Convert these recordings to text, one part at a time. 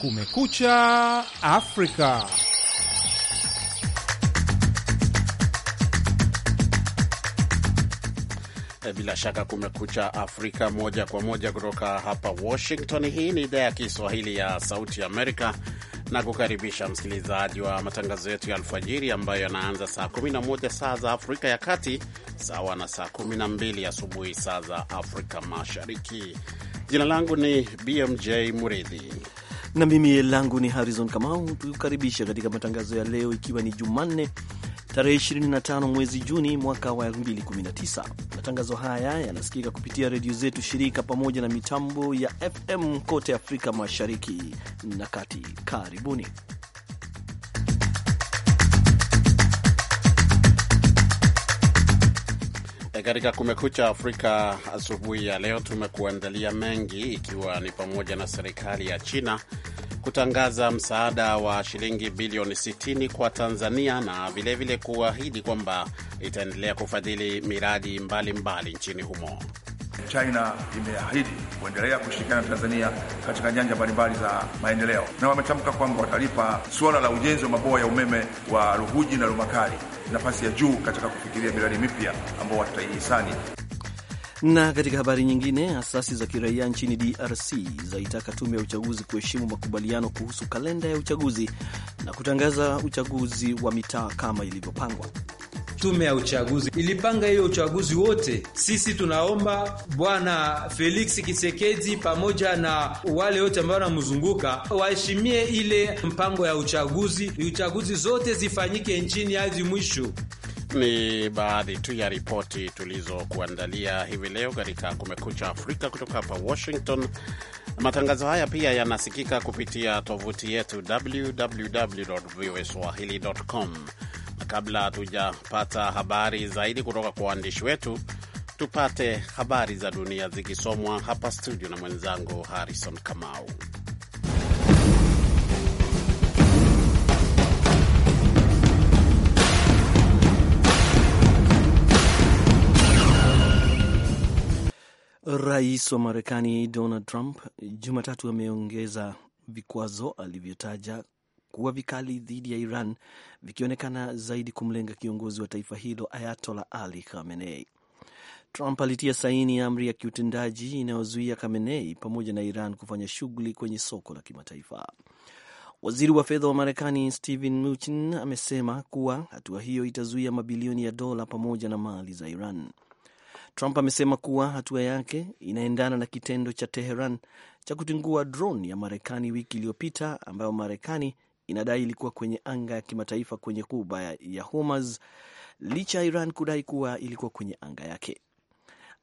Kumekucha Afrika. Eh, bila shaka kumekucha Afrika moja kwa moja kutoka hapa Washington. Hii ni idhaa ya Kiswahili ya Sauti Amerika na kukaribisha msikilizaji wa matangazo yetu ya alfajiri ambayo yanaanza saa 11 saa za Afrika ya Kati, sawa na saa 12 asubuhi saa za Afrika Mashariki. Jina langu ni BMJ Muridhi na mimi langu ni Harrison Kamau, tukukaribisha katika matangazo ya leo, ikiwa ni Jumanne tarehe 25 mwezi Juni mwaka wa 2019. Matangazo haya yanasikika kupitia redio zetu shirika pamoja na mitambo ya FM kote Afrika Mashariki na Kati. Karibuni. E, katika Kumekucha Afrika asubuhi ya leo tumekuandalia mengi, ikiwa ni pamoja na serikali ya China kutangaza msaada wa shilingi bilioni 60 kwa Tanzania na vilevile kuahidi kwamba itaendelea kufadhili miradi mbalimbali mbali nchini humo. China imeahidi kuendelea kushirikiana na Tanzania katika nyanja mbalimbali za maendeleo na wametamka kwamba watalipa suala la ujenzi wa maboa ya umeme wa Ruhuji na Rumakali nafasi ya juu katika kufikiria miradi mipya ambao watutaihisani na katika habari nyingine, asasi za kiraia nchini DRC zaitaka tume ya uchaguzi kuheshimu makubaliano kuhusu kalenda ya uchaguzi na kutangaza uchaguzi wa mitaa kama ilivyopangwa. Tume ya uchaguzi ilipanga hiyo uchaguzi wote. Sisi tunaomba bwana Felix Kisekedi pamoja na wale wote ambao wanamzunguka waheshimie ile mpango ya uchaguzi, uchaguzi zote zifanyike nchini hadi mwisho ni baadhi tu ya ripoti tulizokuandalia hivi leo katika Kumekucha Afrika kutoka hapa Washington. Matangazo haya pia yanasikika kupitia tovuti yetu www voa swahili com, na kabla hatujapata habari zaidi kutoka kwa waandishi wetu, tupate habari za dunia zikisomwa hapa studio na mwenzangu Harrison Kamau. Rais wa Marekani Donald Trump Jumatatu ameongeza vikwazo alivyotaja kuwa vikali dhidi ya Iran, vikionekana zaidi kumlenga kiongozi wa taifa hilo Ayatola Ali Khamenei. Trump alitia saini amri ya kiutendaji inayozuia Khamenei pamoja na Iran kufanya shughuli kwenye soko la kimataifa. Waziri wa fedha wa Marekani Steven Mnuchin amesema kuwa hatua hiyo itazuia mabilioni ya dola pamoja na mali za Iran. Trump amesema kuwa hatua yake inaendana na kitendo cha Teheran cha kutingua drone ya Marekani wiki iliyopita ambayo Marekani inadai ilikuwa kwenye anga ya kimataifa kwenye kuba ya Hormuz licha ya Iran kudai kuwa ilikuwa kwenye anga yake.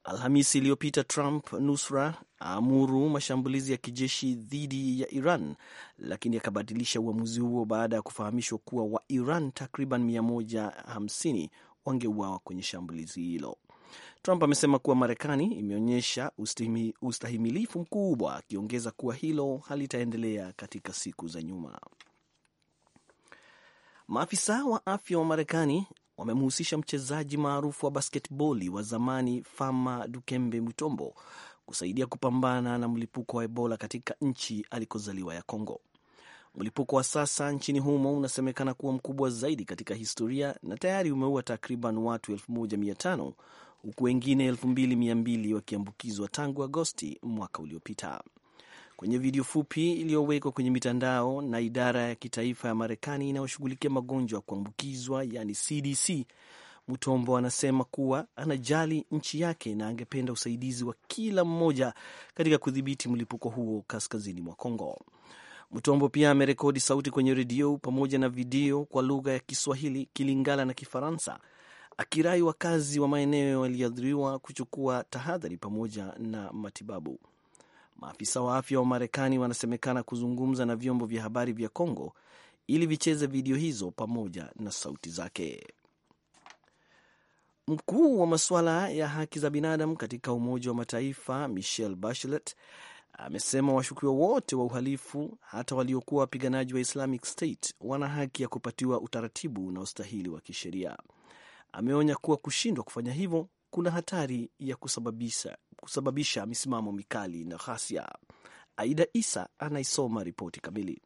Alhamisi iliyopita Trump nusra aamuru mashambulizi ya kijeshi dhidi ya Iran, lakini akabadilisha uamuzi huo baada ya kufahamishwa kuwa wa Iran takriban 150 wangeuawa kwenye shambulizi hilo. Trump amesema kuwa Marekani imeonyesha ustahimilifu mkubwa, akiongeza kuwa hilo halitaendelea katika siku za nyuma. Maafisa wa afya wa Marekani wamemhusisha mchezaji maarufu wa basketboli wa zamani Fama Dukembe Mutombo kusaidia kupambana na mlipuko wa Ebola katika nchi alikozaliwa ya congo mlipuko wa sasa nchini humo unasemekana kuwa mkubwa zaidi katika historia na tayari umeua takriban watu 1500 huku wengine 2200 wakiambukizwa tangu Agosti mwaka uliopita. Kwenye video fupi iliyowekwa kwenye mitandao na idara ya kitaifa ya Marekani inayoshughulikia magonjwa ya kuambukizwa yani CDC, Mutombo anasema kuwa anajali nchi yake na angependa usaidizi wa kila mmoja katika kudhibiti mlipuko huo kaskazini mwa Kongo. Mutombo pia amerekodi sauti kwenye redio pamoja na video kwa lugha ya Kiswahili, Kilingala na Kifaransa, akirai wakazi wa maeneo yaliyoathiriwa kuchukua tahadhari pamoja na matibabu. Maafisa wa afya wa Marekani wanasemekana kuzungumza na vyombo vya habari vya Kongo ili vicheze video hizo pamoja na sauti zake. Mkuu wa masuala ya haki za binadamu katika Umoja wa Mataifa Michelle Bachelet amesema washukiwa wote wa uhalifu, hata waliokuwa wapiganaji wa Islamic State, wana haki ya kupatiwa utaratibu na ustahili wa kisheria. Ameonya kuwa kushindwa kufanya hivyo kuna hatari ya kusababisha, kusababisha misimamo mikali na ghasia. Aida Isa anaisoma ripoti kamili.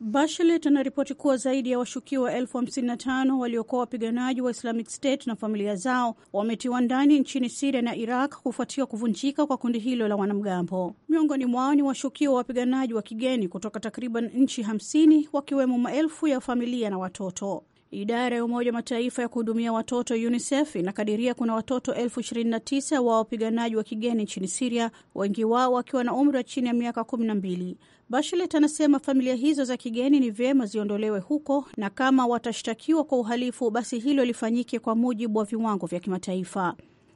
Bachelet anaripoti kuwa zaidi ya washukiwa elfu hamsini na tano waliokuwa wapiganaji wa Islamic State na familia zao wametiwa ndani nchini Siria na Iraq kufuatia kuvunjika kwa kundi hilo la wanamgambo. Miongoni mwao ni washukiwa wa wapiganaji wa kigeni kutoka takriban nchi hamsini wakiwemo maelfu ya familia na watoto. Idara ya Umoja wa Mataifa ya kuhudumia watoto UNICEF inakadiria kuna watoto elfu 29 wa wapiganaji wa kigeni nchini Siria, wengi wao wakiwa na umri wa chini ya miaka 12. Bashlet anasema familia hizo za kigeni ni vyema ziondolewe huko, na kama watashtakiwa kwa uhalifu, basi hilo lifanyike kwa mujibu wa viwango vya kimataifa.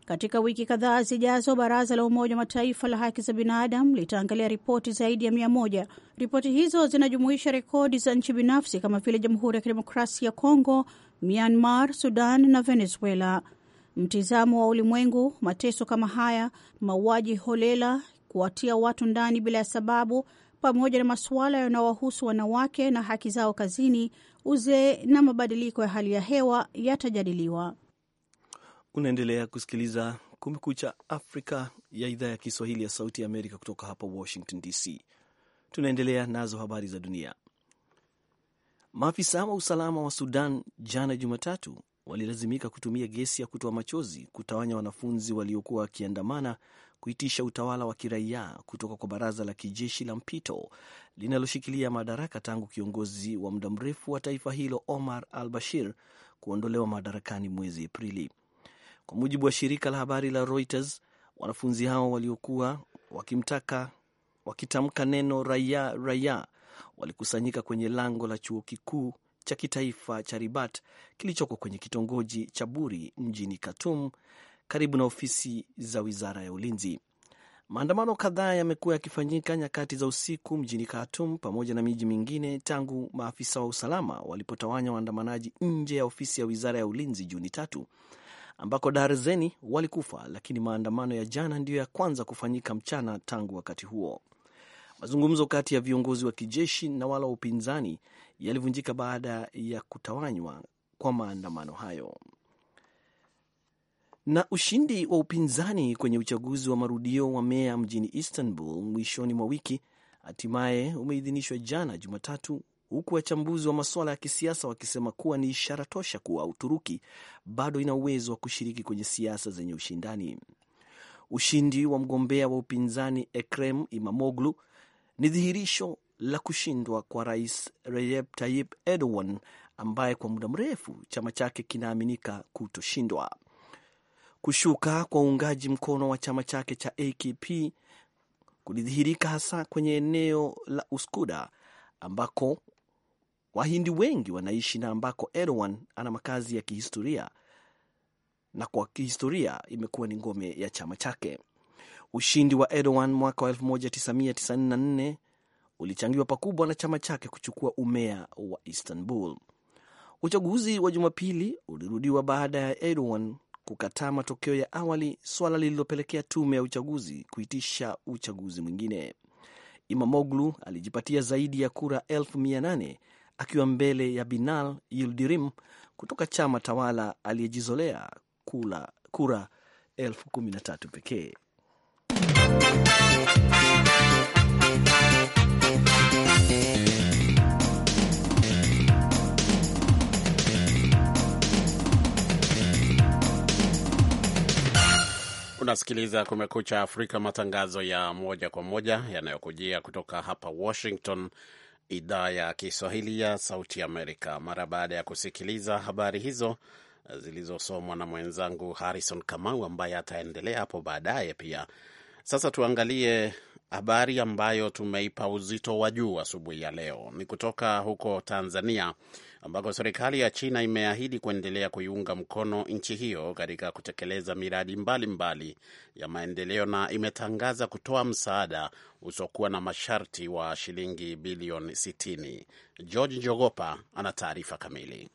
Katika wiki kadhaa zijazo, baraza la Umoja wa Mataifa la haki za binadamu litaangalia ripoti zaidi ya mia moja. Ripoti hizo zinajumuisha rekodi za nchi binafsi kama vile Jamhuri ya Kidemokrasia ya Kongo, Myanmar, Sudan na Venezuela. Mtizamo wa ulimwengu, mateso kama haya, mauaji holela, kuwatia watu ndani bila ya sababu, pamoja na masuala yanayowahusu wanawake na haki zao kazini, uzee na mabadiliko ya hali ya hewa yatajadiliwa. Unaendelea kusikiliza Kumekucha Afrika ya idhaa ya Kiswahili ya Sauti ya Amerika kutoka hapa Washington DC. Tunaendelea nazo habari za dunia. Maafisa wa usalama wa Sudan jana Jumatatu walilazimika kutumia gesi ya kutoa machozi kutawanya wanafunzi waliokuwa wakiandamana kuitisha utawala wa kiraia kutoka kwa baraza la kijeshi la mpito linaloshikilia madaraka tangu kiongozi wa muda mrefu wa taifa hilo Omar al Bashir kuondolewa madarakani mwezi Aprili. Kwa mujibu wa shirika la habari la Reuters, wanafunzi hao waliokuwa wakimtaka wakitamka neno raia raia walikusanyika kwenye lango la chuo kikuu cha kitaifa cha Ribat kilichoko kwenye kitongoji cha Buri mjini Khartoum karibu na ofisi za wizara ya ulinzi. Maandamano kadhaa yamekuwa yakifanyika nyakati za usiku mjini Khartoum pamoja na miji mingine tangu maafisa wa usalama walipotawanya waandamanaji nje ya ofisi ya wizara ya ulinzi Juni tatu, ambako darzeni walikufa, lakini maandamano ya jana ndiyo ya kwanza kufanyika mchana tangu wakati huo. Mazungumzo kati ya viongozi wa kijeshi na wala wa upinzani yalivunjika baada ya kutawanywa kwa maandamano hayo. Na ushindi wa upinzani kwenye uchaguzi wa marudio wa meya mjini Istanbul mwishoni mwa wiki hatimaye umeidhinishwa jana Jumatatu huku wachambuzi wa masuala ya kisiasa wakisema kuwa ni ishara tosha kuwa Uturuki bado ina uwezo wa kushiriki kwenye siasa zenye ushindani. Ushindi wa mgombea wa upinzani Ekrem Imamoglu ni dhihirisho la kushindwa kwa rais Recep Tayyip Erdogan ambaye kwa muda mrefu chama chake kinaaminika kutoshindwa. Kushuka kwa uungaji mkono wa chama chake cha AKP kulidhihirika hasa kwenye eneo la Uskuda ambako Wahindi wengi wanaishi na ambako Erdogan ana makazi ya kihistoria na kwa kihistoria imekuwa ni ngome ya chama chake. Ushindi wa Erdogan mwaka wa 1994 ulichangiwa pakubwa na chama chake kuchukua umea wa Istanbul. Uchaguzi wa Jumapili ulirudiwa baada ya Erdogan kukataa matokeo ya awali, swala lililopelekea tume ya uchaguzi kuitisha uchaguzi mwingine. Imamoglu alijipatia zaidi ya kura elfu mia nane akiwa mbele ya Binal Yildirim kutoka chama tawala aliyejizolea kula kura elfu kumi na tatu pekee. Unasikiliza Kumekucha Afrika, matangazo ya moja kwa moja yanayokujia kutoka hapa Washington idhaa ya Kiswahili ya Sauti Amerika. Mara baada ya kusikiliza habari hizo eh, zilizosomwa na mwenzangu Harrison Kamau ambaye ataendelea hapo baadaye pia. Sasa tuangalie habari ambayo tumeipa uzito wa juu asubuhi ya leo, ni kutoka huko Tanzania ambako serikali ya China imeahidi kuendelea kuiunga mkono nchi hiyo katika kutekeleza miradi mbalimbali mbali ya maendeleo na imetangaza kutoa msaada usiokuwa na masharti wa shilingi bilioni 60. George Njogopa ana taarifa kamili.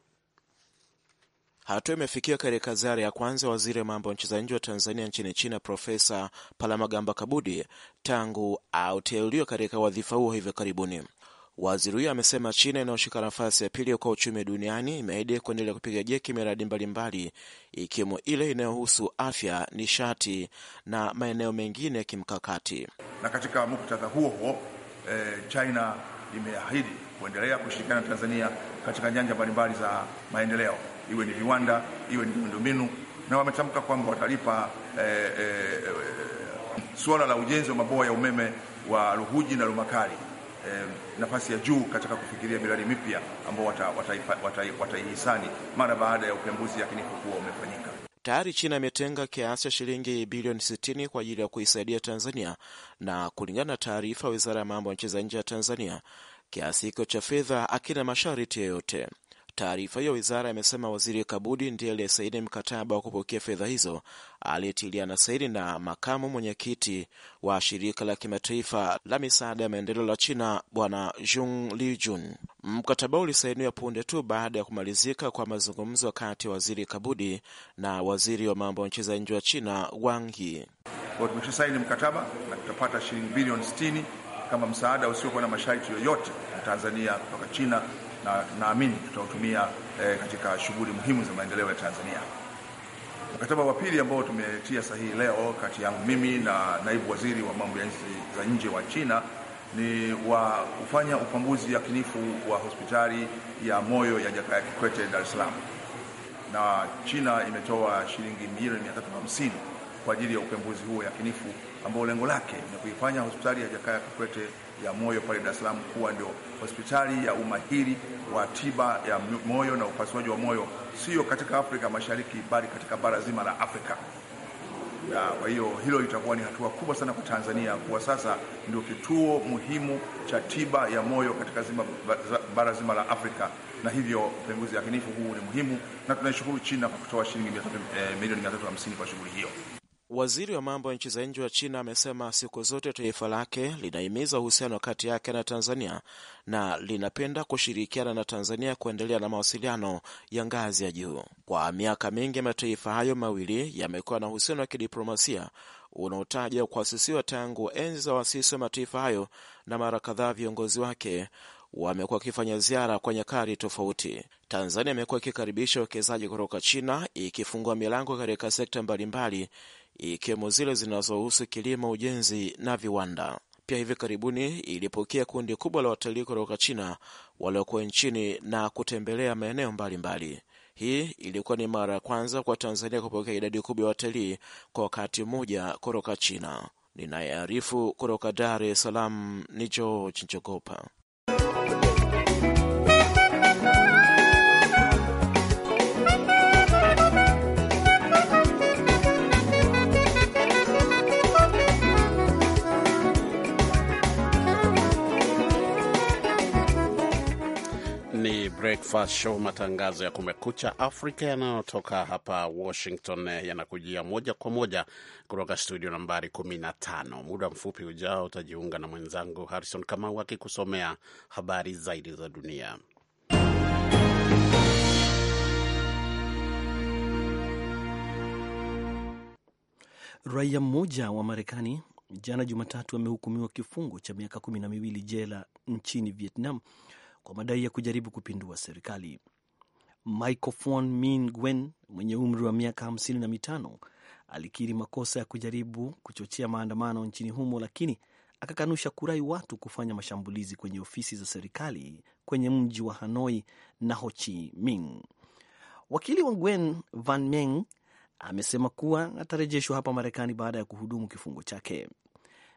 Hatua imefikiwa katika ziara ya kwanza waziri wa mambo ya nchi za nje wa Tanzania nchini China, Profesa Palamagamba Kabudi tangu auteuliwa katika wadhifa huo hivi karibuni. Waziri huyo amesema China inayoshika nafasi ya pili kwa uchumi duniani imeahidi kuendelea kupiga jeki miradi mbalimbali ikiwemo ile inayohusu afya, nishati na maeneo mengine ya kimkakati. Na katika muktadha huo huo e, China imeahidi kuendelea kushirikiana na Tanzania katika nyanja mbalimbali za maendeleo, iwe ni viwanda, iwe ni miundombinu, na wametamka kwamba watalipa e, e, e, suala la ujenzi wa mabwawa ya umeme wa Ruhuji na rumakali eh, nafasi ya juu katika kufikiria miradi mipya ambao wataihisani wata, wata, wata mara baada ya upembuzi lakini kuwa umefanyika. Tayari China imetenga kiasi cha shilingi bilioni 60 kwa ajili ya kuisaidia Tanzania, na kulingana na taarifa ya wizara ya mambo ya nchi za nje ya Tanzania, kiasi hicho cha fedha akina masharti yoyote. Taarifa hiyo wizara imesema waziri Kabudi ndiye aliyesaini mkataba wa kupokea fedha hizo aliyetiliana saini na makamu mwenyekiti wa shirika la kimataifa la misaada ya maendeleo la China Bwana Jung Lijun. Mkataba ulisainiwa punde tu baada ya kumalizika kwa mazungumzo kati ya waziri Kabudi na waziri wa mambo ya nchi za nje wa China Wang Yi. Tumeshasaini mkataba na tutapata shilingi bilioni 60 kama msaada usiokuwa na masharti yoyote ya Tanzania kutoka China na naamini tutautumia e, katika shughuli muhimu za maendeleo ya Tanzania. Mkataba wa pili ambao tumetia sahihi leo kati yangu mimi na naibu waziri wa mambo ya nchi za nje wa China ni wa kufanya upambuzi yakinifu wa hospitali ya moyo ya Jakaya Kikwete Dar es Salaam, na China imetoa shilingi milioni 350 kwa ajili ya upembuzi huo yakinifu ambao lengo lake ni kuifanya hospitali ya Jakaya Kikwete ya moyo pale Dar es Salaam kuwa ndio hospitali ya umahiri wa tiba ya moyo na upasuaji wa moyo, sio katika Afrika Mashariki, bali katika bara zima la Afrika. Kwa hiyo hilo litakuwa ni hatua kubwa sana kwa Tanzania kuwa sasa ndio kituo muhimu cha tiba ya moyo katika zima, bara zima la Afrika, na hivyo upembuzi yakinifu huu ni muhimu, na tunaishukuru China kwa kutoa shilingi eh, milioni 350 kwa shughuli hiyo. Waziri wa mambo ya nchi za nje wa China amesema siku zote taifa lake linahimiza uhusiano kati yake na Tanzania na linapenda kushirikiana na Tanzania kuendelea na mawasiliano ya ngazi ya juu. Kwa miaka mingi, mataifa hayo mawili yamekuwa na uhusiano wa kidiplomasia unaotaja kuasisiwa tangu enzi za waasisi wa mataifa hayo, na mara kadhaa viongozi wake wamekuwa wakifanya ziara kwa nyakati tofauti. Tanzania imekuwa ikikaribisha uwekezaji kutoka China, ikifungua milango katika sekta mbalimbali ikiwemo zile zinazohusu kilimo, ujenzi na viwanda. Pia hivi karibuni ilipokea kundi kubwa la watalii kutoka China waliokuwa nchini na kutembelea maeneo mbalimbali. Hii ilikuwa ni mara ya kwanza kwa Tanzania kupokea idadi kubwa ya watalii kwa wakati mmoja kutoka China. Ninayearifu kutoka Dar es Salaam ni George Njogopa. Breakfast Show, matangazo ya Kumekucha Afrika yanayotoka hapa Washington eh, yanakujia moja kwa moja kutoka studio nambari 15. Muda mfupi ujao utajiunga na mwenzangu Harrison Kamau akikusomea habari zaidi za dunia. Raia mmoja wa Marekani jana Jumatatu amehukumiwa kifungo cha miaka kumi na miwili jela nchini Vietnam kwa madai ya kujaribu kupindua serikali. Michael Fon Min Gwen mwenye umri wa miaka hamsini na mitano alikiri makosa ya kujaribu kuchochea maandamano nchini humo, lakini akakanusha kurai watu kufanya mashambulizi kwenye ofisi za serikali kwenye mji wa Hanoi na Ho Chi Minh. Wakili wa Gwen Van Meng amesema kuwa atarejeshwa hapa Marekani baada ya kuhudumu kifungo chake.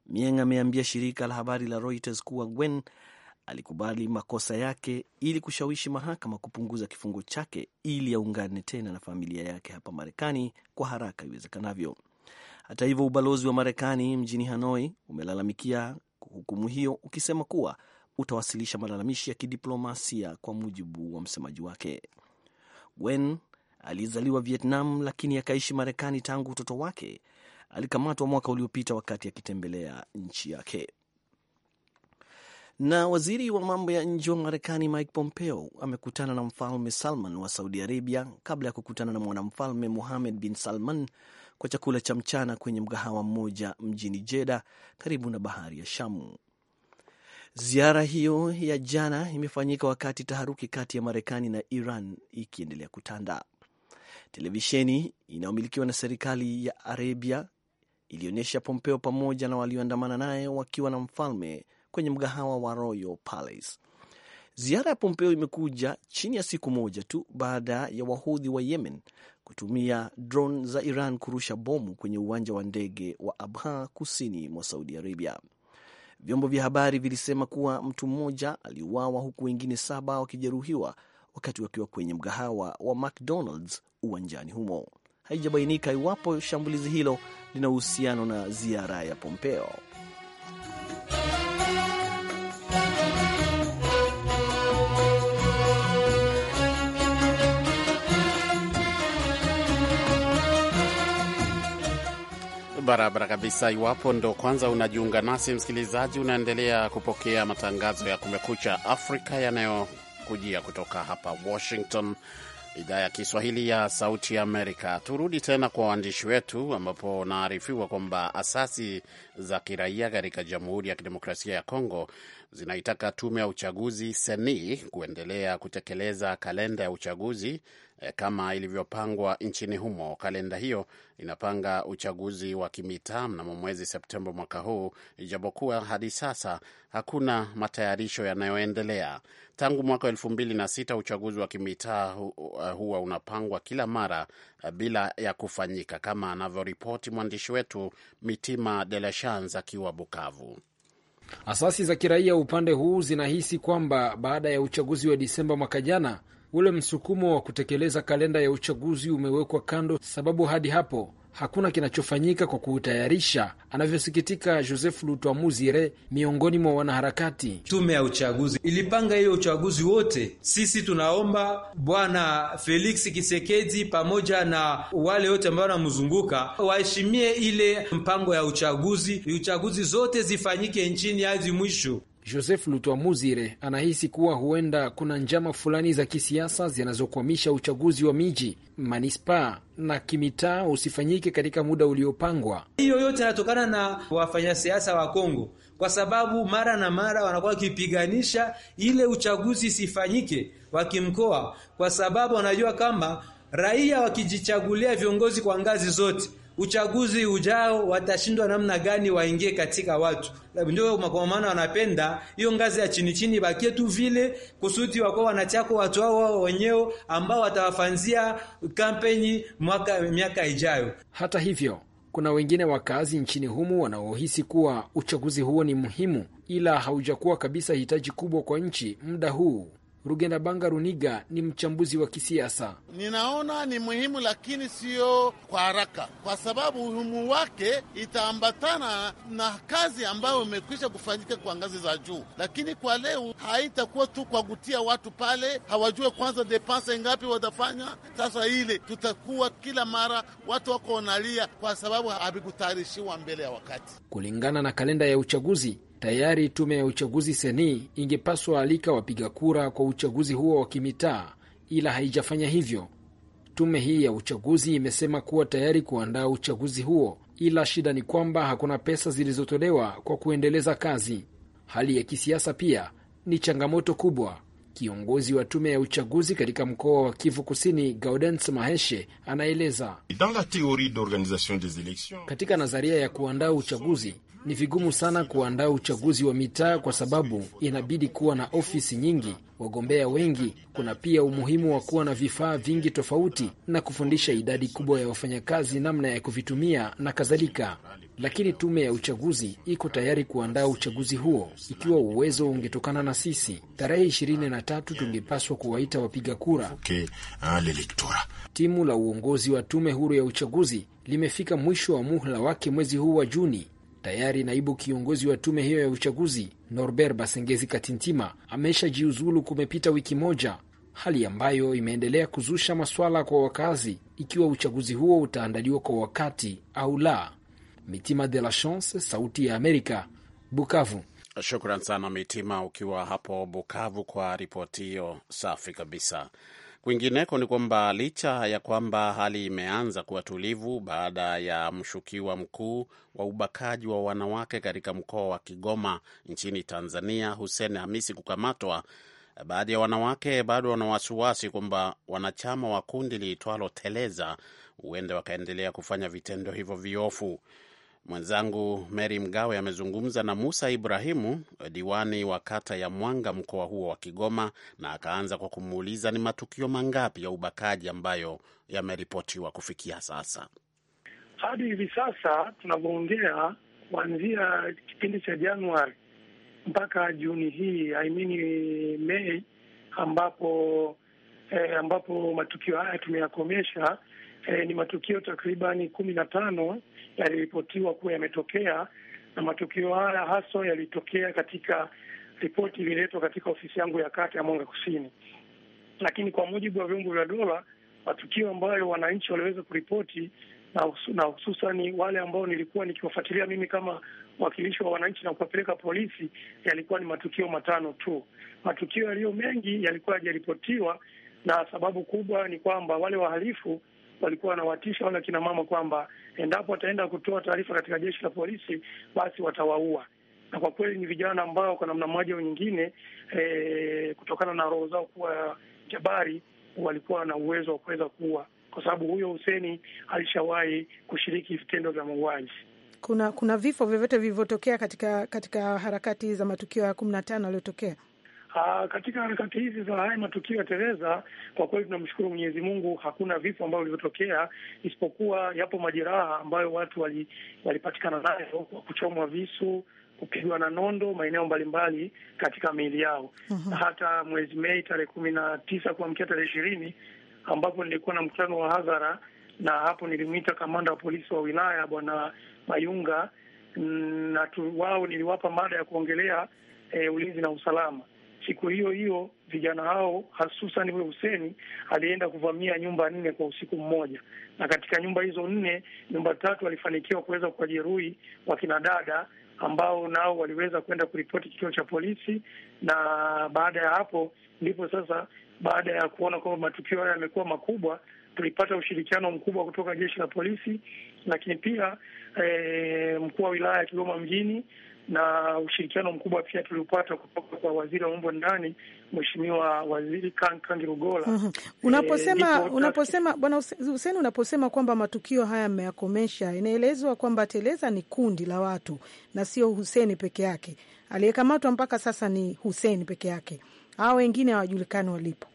Mieng ameambia shirika la habari la Reuters kuwa Gwen alikubali makosa yake ili kushawishi mahakama kupunguza kifungo chake ili aungane tena na familia yake hapa Marekani kwa haraka iwezekanavyo. Hata hivyo, ubalozi wa Marekani mjini Hanoi umelalamikia hukumu hiyo ukisema kuwa utawasilisha malalamishi ya kidiplomasia kwa mujibu wa msemaji wake. Wen alizaliwa Vietnam lakini akaishi Marekani tangu utoto wake. Alikamatwa mwaka uliopita wakati akitembelea nchi yake. Na waziri wa mambo ya nje wa Marekani Mike Pompeo amekutana na mfalme Salman wa Saudi Arabia kabla ya kukutana na mwanamfalme muhamed bin Salman kwa chakula cha mchana kwenye mgahawa mmoja mjini jeda karibu na bahari ya Shamu. Ziara hiyo ya jana imefanyika wakati taharuki kati ya Marekani na Iran ikiendelea kutanda. Televisheni inayomilikiwa na serikali ya Arabia ilionyesha Pompeo pamoja na walioandamana naye wakiwa na mfalme kwenye mgahawa wa Royal Palace. Ziara ya Pompeo imekuja chini ya siku moja tu baada ya wahudhi wa Yemen kutumia drone za Iran kurusha bomu kwenye uwanja wa ndege wa Abha kusini mwa Saudi Arabia. Vyombo vya habari vilisema kuwa mtu mmoja aliuawa huku wengine saba wakijeruhiwa wakati wakiwa kwenye mgahawa wa McDonald's uwanjani humo. Haijabainika iwapo shambulizi hilo lina uhusiano na ziara ya Pompeo. Barabara kabisa. Iwapo ndo kwanza unajiunga nasi, msikilizaji, unaendelea kupokea matangazo ya Kumekucha Afrika yanayokujia kutoka hapa Washington, idhaa ya Kiswahili ya Sauti ya Amerika. Turudi tena kwa waandishi wetu, ambapo naarifiwa kwamba asasi za kiraia katika Jamhuri ya Kidemokrasia ya Kongo zinaitaka tume ya uchaguzi seni kuendelea kutekeleza kalenda ya uchaguzi Eh, kama ilivyopangwa nchini humo. Kalenda hiyo inapanga uchaguzi wa kimitaa mnamo mwezi Septemba mwaka huu, ijapokuwa hadi sasa hakuna matayarisho yanayoendelea. Tangu mwaka elfu mbili na sita uchaguzi wa kimitaa uh, huwa unapangwa kila mara uh, bila ya kufanyika, kama anavyoripoti mwandishi wetu Mitima De La Shans akiwa Bukavu. Asasi za kiraia upande huu zinahisi kwamba baada ya uchaguzi wa Disemba mwaka jana ule msukumo wa kutekeleza kalenda ya uchaguzi umewekwa kando, sababu hadi hapo hakuna kinachofanyika kwa kuutayarisha, anavyosikitika Joseph Lutwamuzire miongoni mwa wanaharakati. Tume ya uchaguzi ilipanga hiyo uchaguzi wote. Sisi tunaomba Bwana Felix Kisekedi pamoja na wale wote ambao wanamzunguka waheshimie ile mpango ya uchaguzi, uchaguzi zote zifanyike nchini hadi mwisho. Joseph lutwamuzire Muzire anahisi kuwa huenda kuna njama fulani za kisiasa zinazokwamisha uchaguzi wa miji, manispaa na kimitaa usifanyike katika muda uliopangwa. Hiyo yote yanatokana na wafanyasiasa wa Kongo, kwa sababu mara na mara wanakuwa wakipiganisha ile uchaguzi isifanyike wa kimkoa, kwa sababu wanajua kama raia wakijichagulia viongozi kwa ngazi zote uchaguzi ujao watashindwa namna gani waingie katika watu. Ndio kwa maana wanapenda hiyo ngazi ya chini chini bakie tu vile, kusuti wako wanachako watu hao wao wenyewe ambao watawafanzia kampeni mwaka miaka ijayo. Hata hivyo, kuna wengine wakazi nchini humu wanaohisi kuwa uchaguzi huo ni muhimu, ila haujakuwa kabisa hitaji kubwa kwa nchi muda huu rugenda banga Runiga ni mchambuzi wa kisiasa. Ninaona ni muhimu, lakini siyo kwa haraka, kwa sababu umuhimu wake itaambatana na kazi ambayo imekwisha kufanyika kwa ngazi za juu, lakini kwa leo haitakuwa tu kwa kutia watu pale, hawajue kwanza depense ngapi watafanya. Sasa ile tutakuwa kila mara watu wako wanalia, kwa sababu havikutayarishiwa mbele ya wakati, kulingana na kalenda ya uchaguzi. Tayari tume ya uchaguzi seni ingepaswa alika wapiga kura kwa uchaguzi huo wa kimitaa, ila haijafanya hivyo. Tume hii ya uchaguzi imesema kuwa tayari kuandaa uchaguzi huo, ila shida ni kwamba hakuna pesa zilizotolewa kwa kuendeleza kazi. Hali ya kisiasa pia ni changamoto kubwa. Kiongozi wa tume ya uchaguzi katika mkoa wa Kivu Kusini, Gaudens Maheshe, anaeleza: katika nadharia ya kuandaa uchaguzi ni vigumu sana kuandaa uchaguzi wa mitaa kwa sababu inabidi kuwa na ofisi nyingi, wagombea wengi. Kuna pia umuhimu wa kuwa na vifaa vingi tofauti na kufundisha idadi kubwa ya wafanyakazi namna ya kuvitumia na kadhalika. Lakini tume ya uchaguzi iko tayari kuandaa uchaguzi huo ikiwa uwezo ungetokana na sisi. Tarehe ishirini na tatu tungepaswa kuwaita wapiga kura. Ah, timu la uongozi wa tume huru ya uchaguzi limefika mwisho wa muhula wake mwezi huu wa Juni. Tayari naibu kiongozi wa tume hiyo ya uchaguzi Norbert Basengezi Katintima ameshajiuzulu kumepita wiki moja, hali ambayo imeendelea kuzusha maswala kwa wakazi ikiwa uchaguzi huo utaandaliwa kwa wakati au la. Mitima de la Chance, Sauti ya Amerika, Bukavu. Shukran sana Mitima, ukiwa hapo Bukavu kwa ripoti hiyo safi kabisa. Kwingineko ni kwamba licha ya kwamba hali imeanza kuwa tulivu baada ya mshukiwa mkuu wa ubakaji wa wanawake katika mkoa wa Kigoma nchini Tanzania, Hussein Hamisi kukamatwa, baadhi ya wanawake bado wana wasiwasi kwamba wanachama wa kundi liitwalo Teleza huenda wakaendelea kufanya vitendo hivyo viofu. Mwenzangu Mary Mgawe amezungumza na Musa Ibrahimu, diwani wa kata ya Mwanga, mkoa huo wa Kigoma, na akaanza kwa kumuuliza ni matukio mangapi ya ubakaji ambayo yameripotiwa kufikia sasa. Hadi hivi sasa tunavyoongea, kuanzia kipindi cha Januari mpaka Juni hii I mean Mei, ambapo eh, ambapo matukio haya tumeyakomesha eh, ni matukio takribani kumi na tano yaliripotiwa kuwa yametokea, na matukio haya haswa yalitokea katika ripoti ililetwa katika ofisi yangu ya kata ya Mwanga Kusini. Lakini kwa mujibu wa vyombo vya dola, matukio ambayo wananchi waliweza kuripoti na hususani wale ambao nilikuwa nikiwafuatilia mimi kama mwakilishi wa wananchi na kuwapeleka polisi, yalikuwa ni matukio matano tu. Matukio yaliyo mengi yalikuwa yajaripotiwa, na sababu kubwa ni kwamba wale wahalifu walikuwa wanawatisha wale akina mama kwamba endapo wataenda kutoa taarifa katika jeshi la polisi, basi watawaua. Na kwa kweli ni vijana ambao kwa namna moja au nyingine, e, kutokana na roho zao kuwa jabari, walikuwa na uwezo wa kuweza kuua, kwa sababu huyo Huseni alishawahi kushiriki vitendo vya mauaji. Kuna kuna vifo vyovyote vilivyotokea katika katika harakati za matukio ya kumi na tano aliyotokea Aa, ah, katika harakati hizi za haya matukio ya Tereza, kwa kweli tunamshukuru Mwenyezi Mungu, hakuna vifo ambavyo vilivyotokea, isipokuwa yapo majeraha ambayo watu walipatikana wali nayo kwa kuchomwa visu kupigwa na nondo maeneo mbalimbali katika miili yao. Uhum. Hata mwezi Mei tarehe kumi na tisa kuamkia tarehe ishirini ambapo nilikuwa na mkutano wa hadhara, na hapo nilimwita kamanda wa polisi wa wilaya Bwana Mayunga na tu, wao niliwapa mada ya kuongelea e, ulinzi na usalama Siku hiyo hiyo vijana hao hususan huyo Huseni alienda kuvamia nyumba nne kwa usiku mmoja, na katika nyumba hizo nne, nyumba tatu alifanikiwa kuweza kuwajeruhi wakina dada ambao nao waliweza kwenda kuripoti kituo cha polisi. Na baada ya hapo ndipo sasa, baada ya kuona kwamba matukio haya yamekuwa makubwa, tulipata ushirikiano mkubwa kutoka jeshi la polisi, lakini pia e, mkuu wa wilaya ya Kigoma mjini na ushirikiano mkubwa pia tuliupata kutoka kwa waziri wa mambo ndani Mheshimiwa Waziri Kangi Rugola. mm -hmm. Unaposema e, unaposema Bwana Huseni, unaposema kwamba matukio haya ameyakomesha, inaelezwa kwamba Teleza ni kundi la watu na sio Huseni peke yake. Aliyekamatwa mpaka sasa ni Huseni peke yake, aa wengine hawajulikani walipo.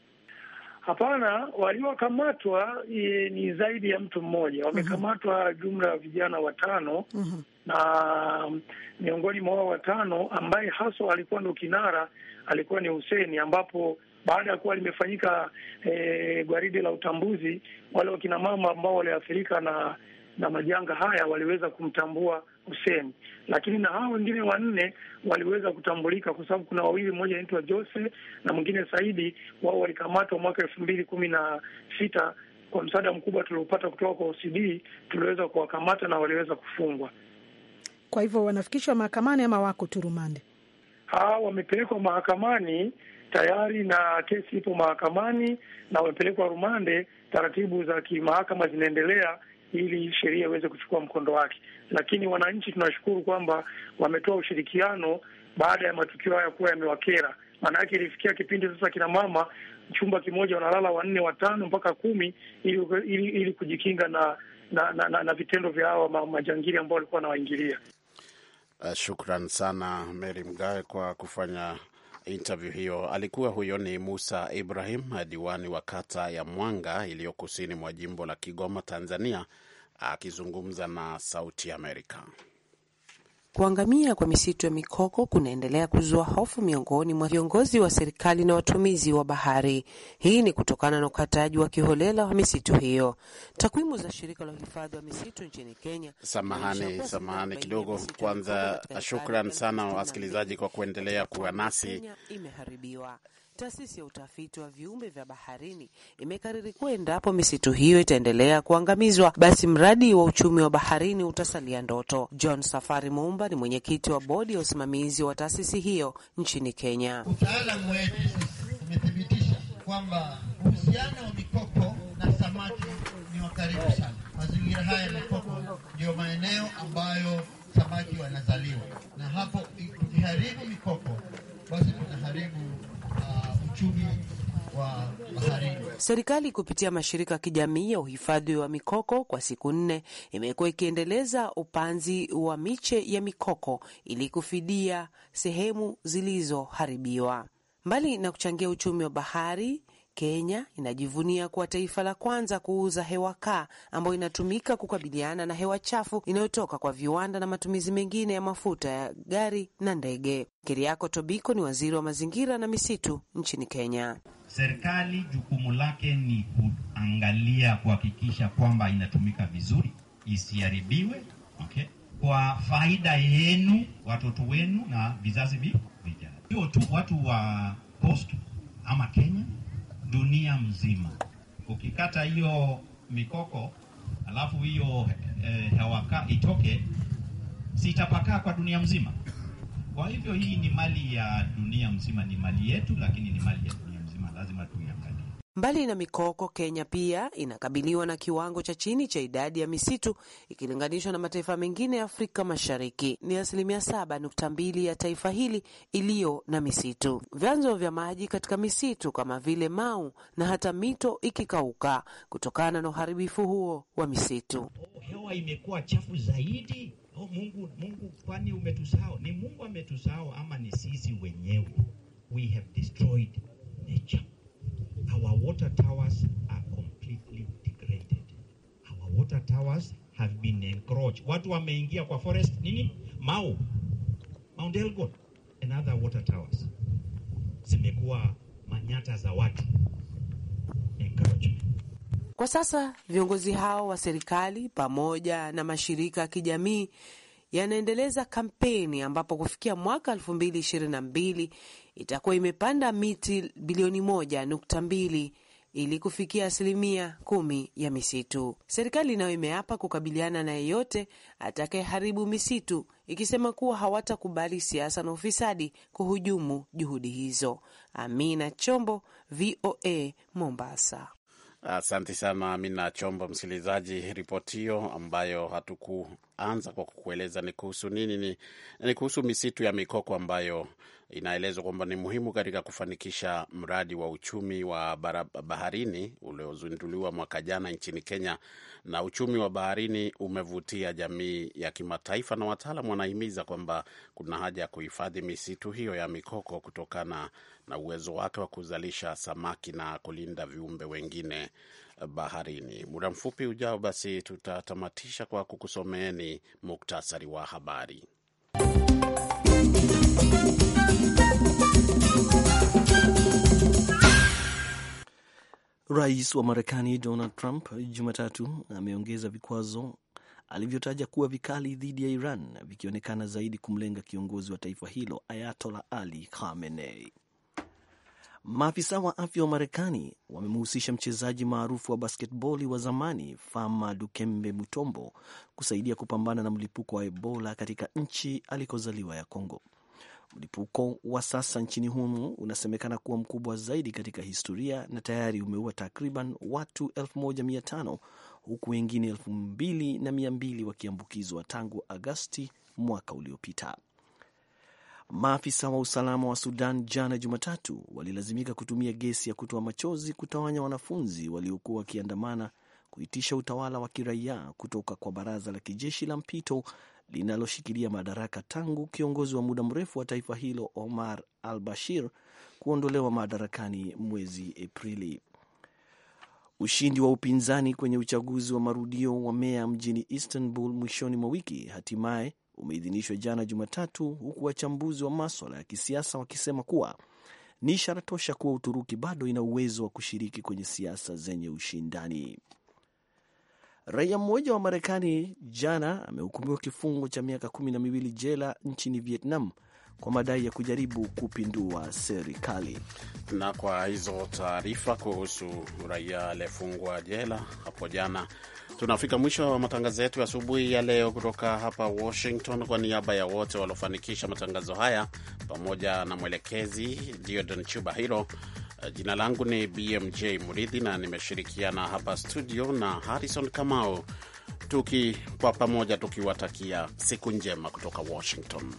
Hapana, waliokamatwa eh, ni zaidi ya mtu mmoja. Mhm. Wamekamatwa jumla ya vijana watano. mm -hmm na miongoni mwa wao watano ambaye haswa alikuwa ndo kinara alikuwa ni Huseni, ambapo baada ya kuwa limefanyika e, gwaridi la utambuzi, wale wakinamama ambao waliathirika na na majanga haya waliweza kumtambua huseni lakini na hao wengine wanne waliweza kutambulika kwa sababu kuna wawili, mmoja anaitwa Jose na mwingine Saidi. Wao walikamatwa mwaka elfu mbili kumi na sita. Kwa msaada mkubwa tuliopata kutoka kwa OCD tuliweza kuwakamata na waliweza kufungwa. Kwa hivyo wanafikishwa mahakamani ama wako tu rumande? Wamepelekwa mahakamani tayari na kesi ipo mahakamani na wamepelekwa rumande. Taratibu za kimahakama zinaendelea ili sheria iweze kuchukua mkondo wake, lakini wananchi tunashukuru kwamba wametoa ushirikiano baada ya matukio haya kuwa yamewakera. Maana yake ilifikia kipindi sasa kina mama chumba kimoja wanalala wanne, watano mpaka kumi ili, ili, ili kujikinga na na, na, na, na vitendo vya hawa majangili ambao walikuwa wanawaingilia. Eh, shukran sana Mary Mgawe kwa kufanya interview hiyo. Alikuwa huyo ni Musa Ibrahim, eh, diwani wa kata ya Mwanga iliyo kusini mwa jimbo la Kigoma, Tanzania, akizungumza na Sauti Amerika. Kuangamia kwa misitu ya mikoko kunaendelea kuzua hofu miongoni mwa viongozi wa serikali na watumizi wa bahari. Hii ni kutokana na ukataji wa kiholela wa misitu hiyo. Takwimu za shirika la uhifadhi wa misitu nchini Kenya. Samahani, samahani kidogo. Kwanza shukran sana wasikilizaji kwa kuendelea kuwa nasi. Taasisi ya utafiti wa viumbe vya baharini imekariri kuwa endapo misitu hiyo itaendelea kuangamizwa, basi mradi wa uchumi wa baharini utasalia ndoto. John Safari Muumba ni mwenyekiti wa bodi ya usimamizi wa taasisi hiyo nchini Kenya. Utaalamu wetu umethibitisha kwamba uhusiano wa mikopo na samaki ni wa karibu sana. Mazingira haya ya mikopo ndiyo maeneo ambayo samaki wanazaliwa, na hapo ukiharibu mikopo basi tunaharibu uh, uchumi wa baharini. Serikali kupitia mashirika ya kijamii ya uhifadhi wa mikoko kwa siku nne imekuwa ikiendeleza upanzi wa miche ya mikoko ili kufidia sehemu zilizoharibiwa. Mbali na kuchangia uchumi wa bahari, Kenya inajivunia kuwa taifa la kwanza kuuza hewa kaa ambayo inatumika kukabiliana na hewa chafu inayotoka kwa viwanda na matumizi mengine ya mafuta ya gari na ndege. Keriako Tobiko ni waziri wa mazingira na misitu nchini Kenya. Serikali jukumu lake ni kuangalia, kuhakikisha kwamba inatumika vizuri, isiharibiwe, okay, kwa faida yenu, watoto wenu na vizazi vijavyo, sio tu watu wa coast ama Kenya dunia mzima. Ukikata hiyo mikoko alafu hiyo eh, hewaka itoke, sitapakaa kwa dunia mzima. Kwa hivyo hii ni mali ya dunia mzima, ni mali yetu, lakini ni mali dunia. Mbali na mikoko, Kenya pia inakabiliwa na kiwango cha chini cha idadi ya misitu ikilinganishwa na mataifa mengine ya Afrika Mashariki. Ni asilimia saba nukta mbili ya taifa hili iliyo na misitu. Vyanzo vya maji katika misitu kama vile Mau na hata mito ikikauka kutokana na uharibifu huo wa misitu. Hewa imekuwa chafu zaidi. Oh, Mungu, Mungu kwani umetusahau? Ni Mungu ametusahau ama ni sisi wenyewe? We have destroyed nature our water towers are completely degraded. Our water towers have been encroached. Watu wameingia kwa forest nini? Mau, Mount Elgon and other water towers zimekuwa manyata za watu encroachment. Kwa sasa viongozi hao wa serikali pamoja na mashirika ya kijamii yanaendeleza kampeni ambapo kufikia mwaka 2022 itakuwa imepanda miti bilioni moja nukta mbili ili kufikia asilimia kumi ya misitu. Serikali nayo imeapa kukabiliana na yeyote atakayeharibu misitu, ikisema kuwa hawatakubali siasa na ufisadi kuhujumu juhudi hizo. Amina Chombo, VOA, Mombasa. Asante sana Amina Chombo. Msikilizaji, ripoti hiyo ambayo hatuku anza kwa kukueleza ni kuhusu nini. Ni, ni kuhusu misitu ya mikoko ambayo inaelezwa kwamba ni muhimu katika kufanikisha mradi wa uchumi wa baharini uliozinduliwa mwaka jana nchini Kenya. Na uchumi wa baharini umevutia jamii ya kimataifa, na wataalam wanahimiza kwamba kuna haja ya kuhifadhi misitu hiyo ya mikoko kutokana na uwezo wake wa kuzalisha samaki na kulinda viumbe wengine baharini. Muda mfupi ujao, basi tutatamatisha kwa kukusomeeni muktasari wa habari. Rais wa Marekani Donald Trump Jumatatu ameongeza vikwazo alivyotaja kuwa vikali dhidi ya Iran, vikionekana zaidi kumlenga kiongozi wa taifa hilo Ayatola Ali Khamenei. Maafisa wa afya wa Marekani wamemhusisha mchezaji maarufu wa basketboli wa zamani Fama Dukembe Mutombo kusaidia kupambana na mlipuko wa Ebola katika nchi alikozaliwa ya congo Mlipuko wa sasa nchini humo unasemekana kuwa mkubwa zaidi katika historia na tayari umeua takriban watu 1500 huku wengine 2200 wakiambukizwa tangu Agasti mwaka uliopita. Maafisa wa usalama wa Sudan jana Jumatatu walilazimika kutumia gesi ya kutoa machozi kutawanya wanafunzi waliokuwa wakiandamana kuitisha utawala wa kiraia kutoka kwa baraza la kijeshi la mpito linaloshikilia madaraka tangu kiongozi wa muda mrefu wa taifa hilo Omar al Bashir kuondolewa madarakani mwezi Aprili. Ushindi wa upinzani kwenye uchaguzi wa marudio wa meya mjini Istanbul mwishoni mwa wiki hatimaye umeidhinishwa jana Jumatatu, huku wachambuzi wa maswala ya kisiasa wakisema kuwa ni ishara tosha kuwa Uturuki bado ina uwezo wa kushiriki kwenye siasa zenye ushindani. Raia mmoja wa Marekani jana amehukumiwa kifungo cha miaka kumi na miwili jela nchini Vietnam kwa madai ya kujaribu kupindua serikali. Na kwa hizo taarifa kuhusu raia aliyefungwa jela hapo jana Tunafika mwisho wa matangazo yetu ya asubuhi ya leo kutoka hapa Washington. Kwa niaba ya wote waliofanikisha matangazo haya pamoja na mwelekezi Diodon Chuba hilo, jina langu ni BMJ Muridhi na nimeshirikiana hapa studio na Harrison Kamau, tuki kwa pamoja tukiwatakia siku njema kutoka Washington.